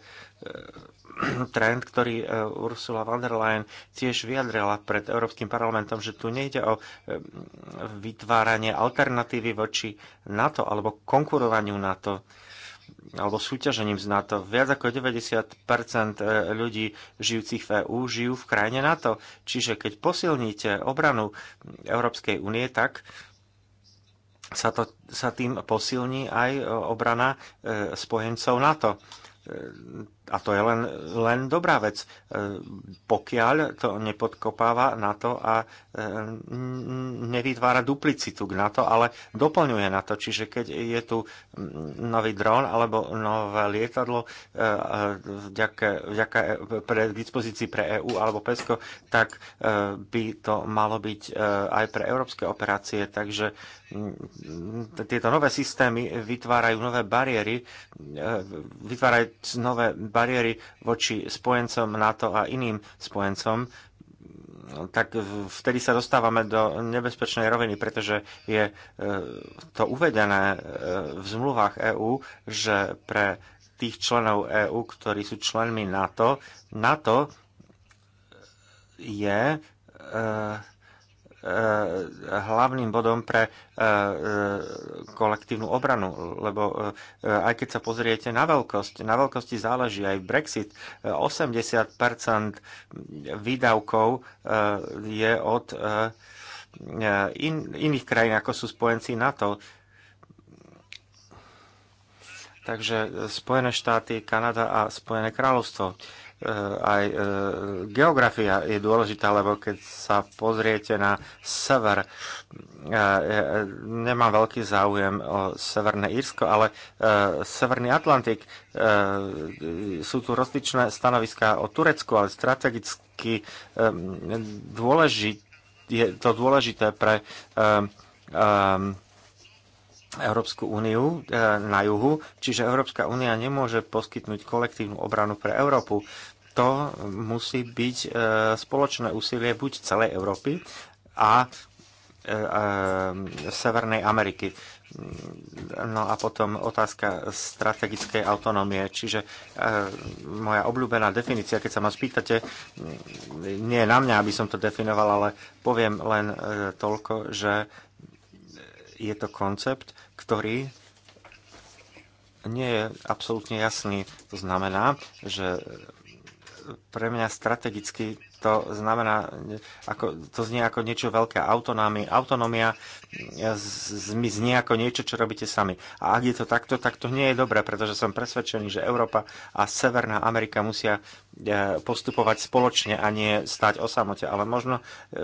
Speaker 3: trend, ktorý e, Ursula von der Leyen tiež vyjadrila pred Európskym parlamentom, že tu nejde o e, vytváranie alternatívy voči NATO alebo konkurovaniu NATO alebo súťažením z NATO. Viac ako 90 e, ľudí žijúcich v EÚ žijú v krajine NATO. Čiže keď posilníte obranu Európskej únie, tak sa, to, sa tým posilní aj obrana spojencov NATO a to je len, len dobrá vec, e, pokiaľ to nepodkopáva NATO a e, nevytvára duplicitu k NATO, ale doplňuje NATO. Čiže keď je tu nový dron alebo nové lietadlo e, vďaka, vďaka pre dispozícii pre EÚ alebo PESCO, tak by to malo byť aj pre európske operácie. Takže tieto nové systémy vytvárajú nové bariéry, vytvárajú nové bariéry voči spojencom NATO a iným spojencom, tak vtedy sa dostávame do nebezpečnej roviny, pretože je e, to uvedené e, v zmluvách EÚ, že pre tých členov EÚ, ktorí sú členmi NATO, NATO je e, hlavným bodom pre e, e, kolektívnu obranu, lebo e, aj keď sa pozriete na veľkosť, na veľkosti záleží aj Brexit. 80 výdavkov je od in, iných krajín, ako sú spojenci NATO. Takže Spojené štáty, Kanada a Spojené kráľovstvo. Uh, Eh, aj eh, geografia je dôležitá, lebo keď sa pozriete na sever, eh, nemám veľký záujem o Severné Írsko, ale Severný Atlantik, sú tu rozličné stanoviská o Turecku, ale strategicky dôležit, je to dôležité pre um, um, Európsku úniu e, na juhu, čiže Európska únia nemôže poskytnúť kolektívnu obranu pre Európu. To musí byť e, spoločné úsilie buď celej Európy a e, Severnej Ameriky. No a potom otázka strategickej autonómie. Čiže e, moja obľúbená definícia, keď sa ma spýtate, nie je na mňa, aby som to definoval, ale poviem len e, toľko, že je to koncept, ktorý nie je absolútne jasný. To znamená, že pre mňa strategicky to znamená, ako, to znie ako niečo veľké. Autonámy, autonómia znie ako niečo, čo robíte sami. A ak je to takto, tak to nie je dobré, pretože som presvedčený, že Európa a Severná Amerika musia e, postupovať spoločne a nie stať o samote. Ale možno, e,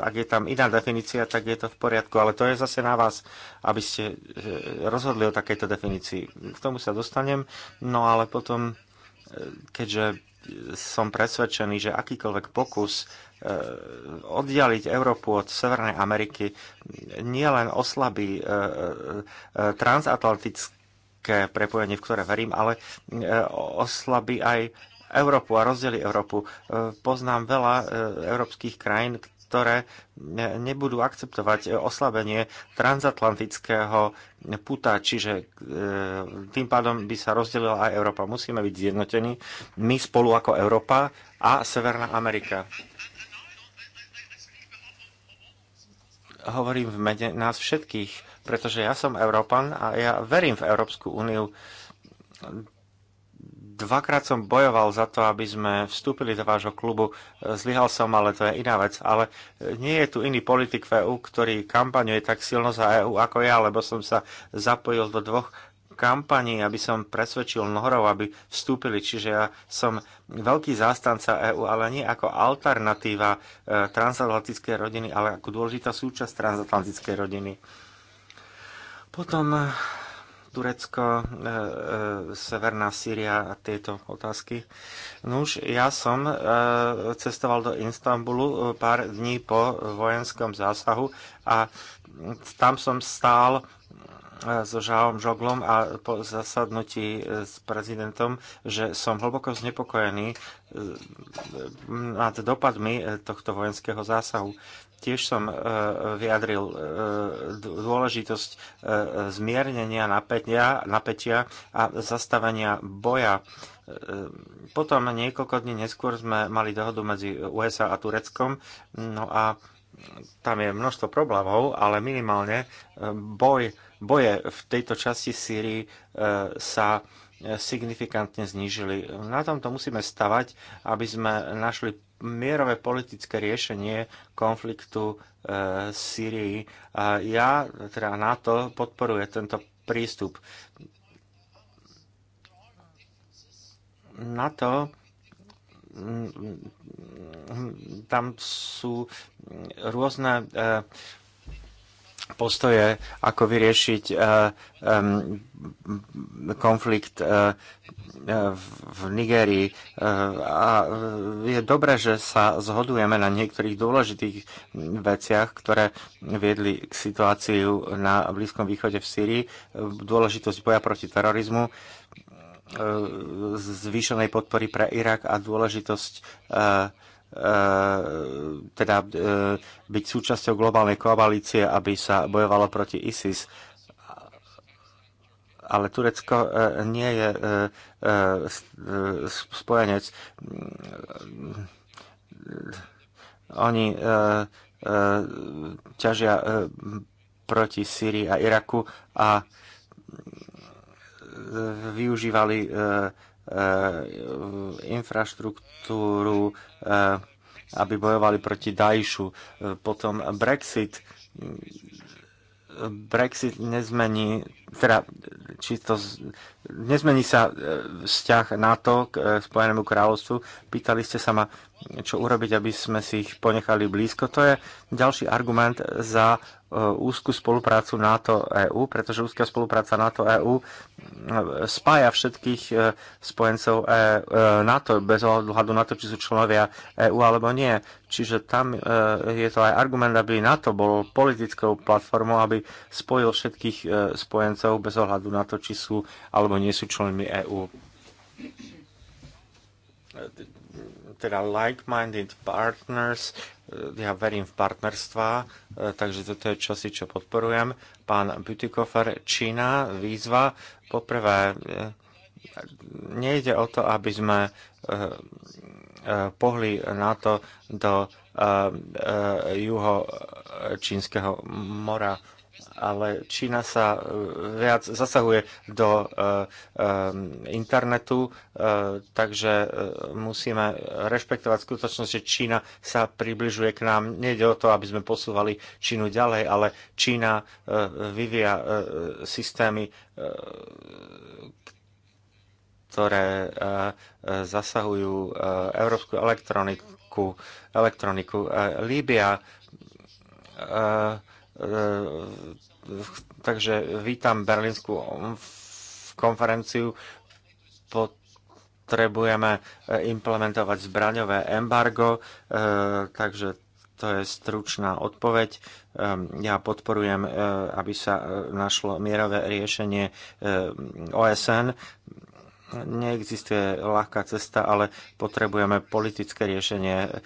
Speaker 3: ak je tam iná definícia, tak je to v poriadku. Ale to je zase na vás, aby ste e, rozhodli o takejto definícii. K tomu sa dostanem, no ale potom keďže som presvedčený, že akýkoľvek pokus e, oddialiť Európu od Severnej Ameriky nielen oslabí e, e, transatlantické prepojenie, v ktoré verím, ale oslabí aj Európu a rozdeli Európu. Poznám veľa európskych krajín, ktoré nebudú akceptovať oslabenie transatlantického puta, čiže e, tým pádom by sa rozdelila aj Európa. Musíme byť zjednotení my spolu ako Európa a Severná Amerika. Hovorím v mene nás všetkých, pretože ja som Európan a ja verím v Európsku úniu Dvakrát som bojoval za to, aby sme vstúpili do vášho klubu. Zlyhal som, ale to je iná vec. Ale e, nie je tu iný politik v EU, ktorý kampaňuje tak silno za EU ako ja, lebo som sa zapojil do dvoch kampaní, aby som presvedčil Norov, aby vstúpili. Čiže ja som veľký zástanca EU, ale nie ako alternatíva e, transatlantickej rodiny, ale ako dôležitá súčasť transatlantickej rodiny. Potom e, Turecko, e, e, Severná Sýria a tieto otázky. už ja som e, cestoval do Istanbulu pár dní po vojenskom zásahu a tam som stál E, so Žávom Žoglom a po zasadnutí e, s prezidentom, že som hlboko znepokojený e, nad dopadmi tohto vojenského zásahu. Tiež som vyjadril dôležitosť zmiernenia napätia, napätia a zastavenia boja. Potom niekoľko dní neskôr sme mali dohodu medzi USA a Tureckom, no a tam je množstvo problémov, ale minimálne boj boje v tejto časti Syrii e, sa e, signifikantne znížili. Na tomto musíme stavať, aby sme našli mierové politické riešenie konfliktu e, Syrii. A ja, teda NATO, podporuje tento prístup. NATO tam sú rôzne eh, postoje, ako vyriešiť eh, konflikt eh, v Nigérii. Eh, a je dobré, že sa zhodujeme na niektorých dôležitých veciach, ktoré viedli k situáciu na Blízkom východe v Syrii, dôležitosť boja proti terorizmu, zvýšenej podpory pre Irak a dôležitosť E, teda e, byť súčasťou globálnej koalície, aby sa bojovalo proti ISIS. Ale Turecko e, nie je spojenec. Oni ťažia proti Syrii a Iraku a využívali Eh, infraštruktúru, eh, aby bojovali proti Dajšu. Eh, potom Brexit. Brexit nezmení, teda čisto nezmení sa vzťah NATO k Spojenému kráľovstvu. Pýtali ste sa ma, čo urobiť, aby sme si ich ponechali blízko. To je ďalší argument za Eh, úzkú spoluprácu NATO-EU, pretože úzka spolupráca NATO-EU eh, spája všetkých eh, spojencov e, NATO bez ohľadu na to, či sú členovia EU alebo nie. Čiže tam je to aj argument, aby NATO bol politickou platformou, aby spojil všetkých spojencov bez ohľadu na to, či sú alebo nie sú členmi EU teda like-minded partners, eh, ja verím v partnerstvá, eh, takže toto je čosi, čo podporujem. Pán Butikofer, Čína, výzva. Poprvé, eh, nejde o to, aby sme pohli na to do juho Čínskeho mora ale Čína sa e, viac zasahuje do e, e, internetu, takže musíme rešpektovať skutočnosť, že Čína sa približuje k nám. Nejde o to, aby sme posúvali Čínu ďalej, ale Čína vyvíja systémy, ktoré zasahujú európsku elektroniku. elektroniku. Líbia E, takže vítam berlínsku konferenciu. Potrebujeme e, implementovať zbraňové embargo, e, takže to je stručná odpoveď. Ja podporujem, aby sa našlo mierové riešenie OSN neexistuje ľahká cesta, ale potrebujeme politické riešenie.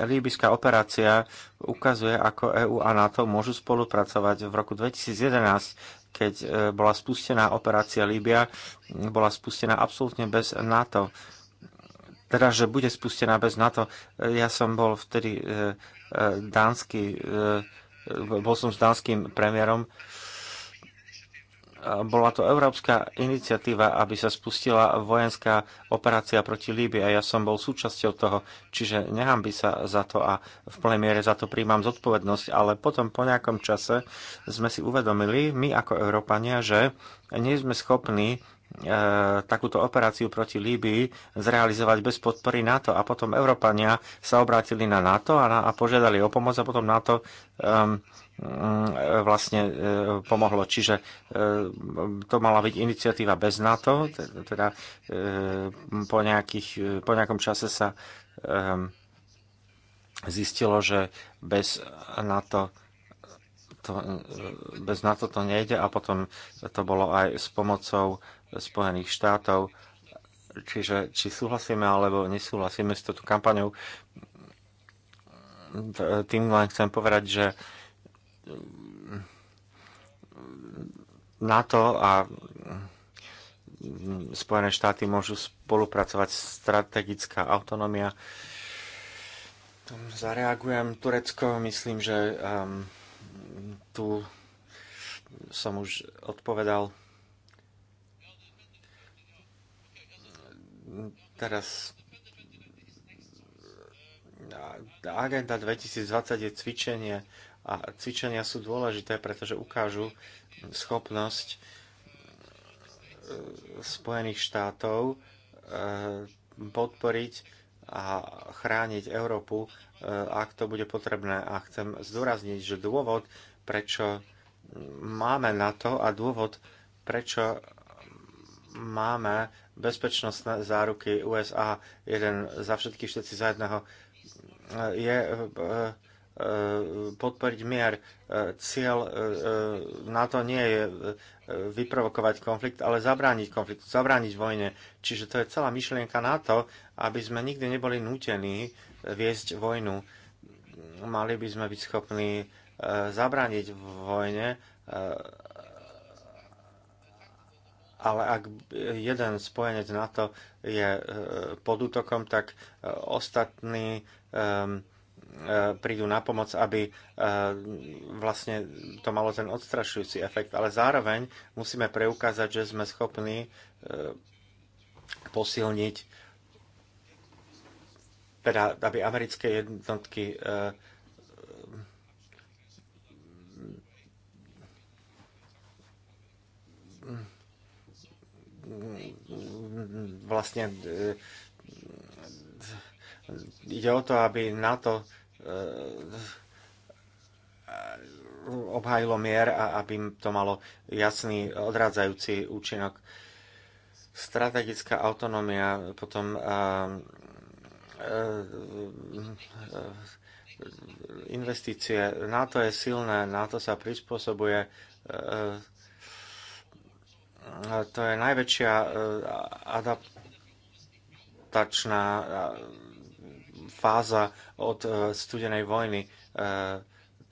Speaker 3: Líbyská operácia ukazuje, ako EÚ a NATO môžu spolupracovať. V roku 2011, keď e, bola spustená operácia Líbia, bola spustená absolútne bez NATO. Teda, že bude spustená bez NATO. E, ja som bol vtedy e, dánsky, bol som s dánskym premiérom, bola to európska iniciatíva, aby sa spustila vojenská operácia proti Líbii a ja som bol súčasťou toho, čiže nechám by sa za to a v plnej miere za to príjmam zodpovednosť, ale potom po nejakom čase sme si uvedomili, my ako Európania, že nie sme schopní E, takúto operáciu proti Líbii zrealizovať bez podpory NATO a potom Európania sa obrátili na NATO a, na, a požiadali o pomoc a potom NATO e, e, vlastne e, pomohlo. Čiže e, to mala byť iniciatíva bez NATO, teda e, po, nejakých, e, po nejakom čase sa e, zistilo, že bez NATO to, e, bez NATO to nejde a potom to bolo aj s pomocou Spojených štátov. Čiže či súhlasíme alebo nesúhlasíme s touto kampaňou, tým len chcem povedať, že NATO a Spojené štáty môžu spolupracovať strategická autonómia. Zareagujem Turecko, myslím, že um, tu som už odpovedal. teraz agenda 2020 je cvičenie a cvičenia sú dôležité, pretože ukážu schopnosť e, Spojených štátov e, podporiť a chrániť Európu, e, ak to bude potrebné. A chcem zdôrazniť, že dôvod, prečo máme na to a dôvod, prečo máme bezpečnostné záruky USA, jeden za všetkých, všetci za jedného, je e, e, podporiť mier. E, cieľ na to nie je vyprovokovať konflikt, ale zabrániť konfliktu, zabrániť vojne. Čiže to je celá myšlienka na to, aby sme nikdy neboli nútení viesť vojnu. Mali by sme byť schopní zabrániť vojne ale ak jeden spojenec NATO je e, pod útokom, tak e, ostatní e, prídu na pomoc, aby vlastne to malo ten odstrašujúci efekt. Ale zároveň musíme preukázať, že sme schopní posilniť, teda aby americké jednotky vlastne e, ide o to, aby NATO e, obhájilo mier a aby to malo jasný odradzajúci účinok. Strategická autonómia, potom e, investície. NATO je silné, NATO sa prispôsobuje to je najväčšia e, adaptačná e, fáza od e, studenej vojny.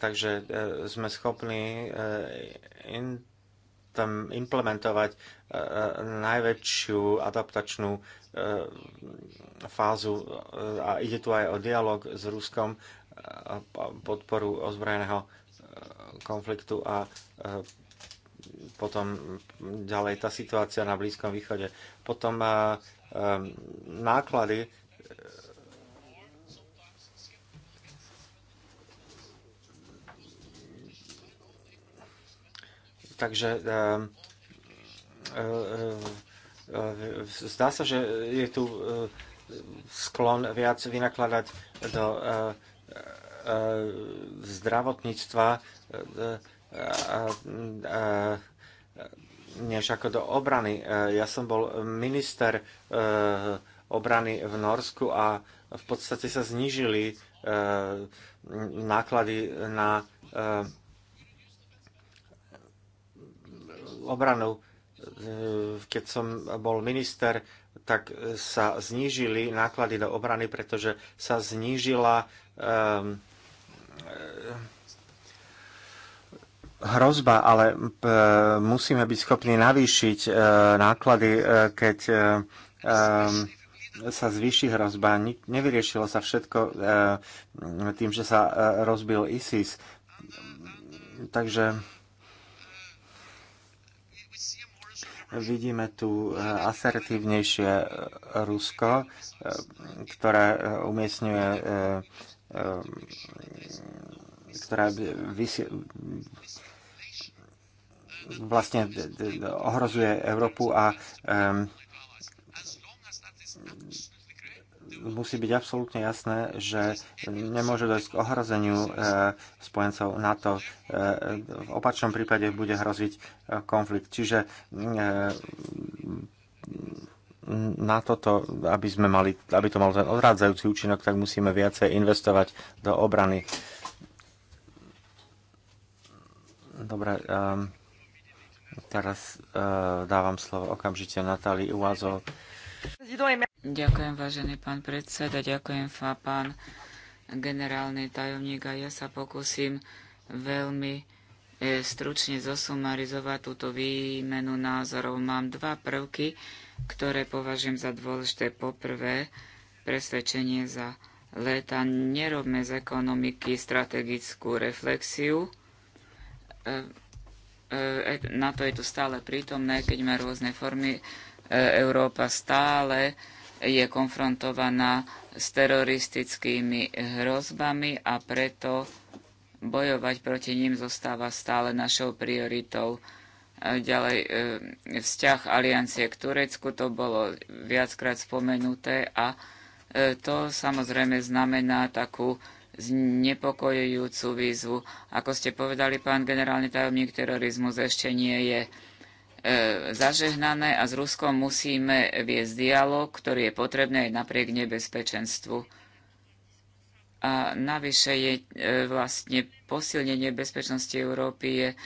Speaker 3: Takže sme schopní tam implementovať najväčšiu adaptačnú fázu a ide tu aj o dialog s Ruskom a podporu ozbrojeného konfliktu a potom ďalej tá situácia na Blízkom východe, potom eh, eh, náklady Takže eh, zdá sa, že je tu sklon viac vynakladať do zdravotníctva než ako do obrany. E, ja som bol minister e, obrany v Norsku a v podstate sa znížili e, náklady na obranu. Keď som bol minister, tak sa znížili náklady do obrany, pretože sa znížila um, hrozba, ale musíme byť schopní navýšiť e, náklady, e, keď e, sa zvýši hrozba. Nevyriešilo sa všetko tým, že sa rozbil ISIS. Takže vidíme tu asertívnejšie Rusko, ktoré umiestňuje ktorá vysi- vlastne ohrozuje Európu a um, musí byť absolútne jasné, že nemôže dojsť k ohrozeniu e, spojencov NATO. E, v opačnom prípade bude hroziť e, konflikt. Čiže na toto, aby, sme mali, aby to malo ten odrádzajúci účinok, tak musíme viacej investovať do obrany. Dobre, um, teraz uh, dávam slovo okamžite Natálii Uázov.
Speaker 2: Ďakujem, vážený pán predseda, ďakujem, pán generálny tajomník a ja sa pokúsim veľmi eh, stručne zosumarizovať túto výmenu názorov. Mám dva prvky, ktoré považujem za dôležité. Poprvé, presvedčenie za leta. Nerobme z ekonomiky strategickú reflexiu, E, e, e, na to je tu stále prítomné, keď má rôzne formy. Európa stále je konfrontovaná s teroristickými hrozbami a preto bojovať proti ním zostáva stále našou prioritou. Ďalej vzťah aliancie k Turecku, to bolo viackrát spomenuté a to samozrejme znamená takú znepokojujúcu výzvu. Ako ste povedali, pán generálny tajomník, terorizmus ešte nie je e, zažehnané a s Ruskom musíme viesť dialog, ktorý je potrebný aj napriek nebezpečenstvu. A navyše je e, vlastne posilnenie bezpečnosti Európy je e,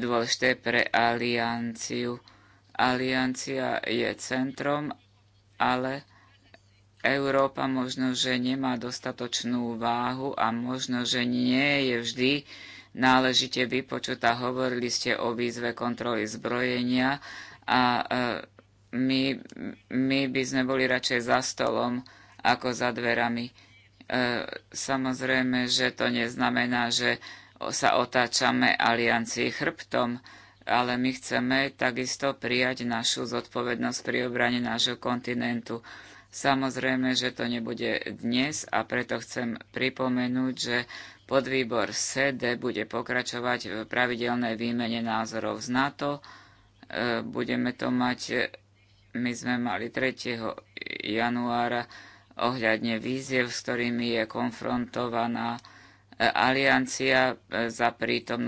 Speaker 2: dôležité pre alianciu. Aliancia je centrom, ale Európa možno, že nemá dostatočnú váhu a možno, že nie je vždy náležite vypočutá. Hovorili ste o výzve kontroly zbrojenia a e, my, my by sme boli radšej za stolom ako za dverami. E, samozrejme, že to neznamená, že sa otáčame aliancii chrbtom, ale my chceme takisto prijať našu zodpovednosť pri obrane nášho kontinentu. Samozrejme, že to nebude dnes a preto chcem pripomenúť, že podvýbor SEDE bude pokračovať v pravidelnej výmene názorov z NATO. E, budeme to mať, e, my sme mali 3. januára ohľadne víziev, s ktorými je konfrontovaná e, aliancia za prítomnosť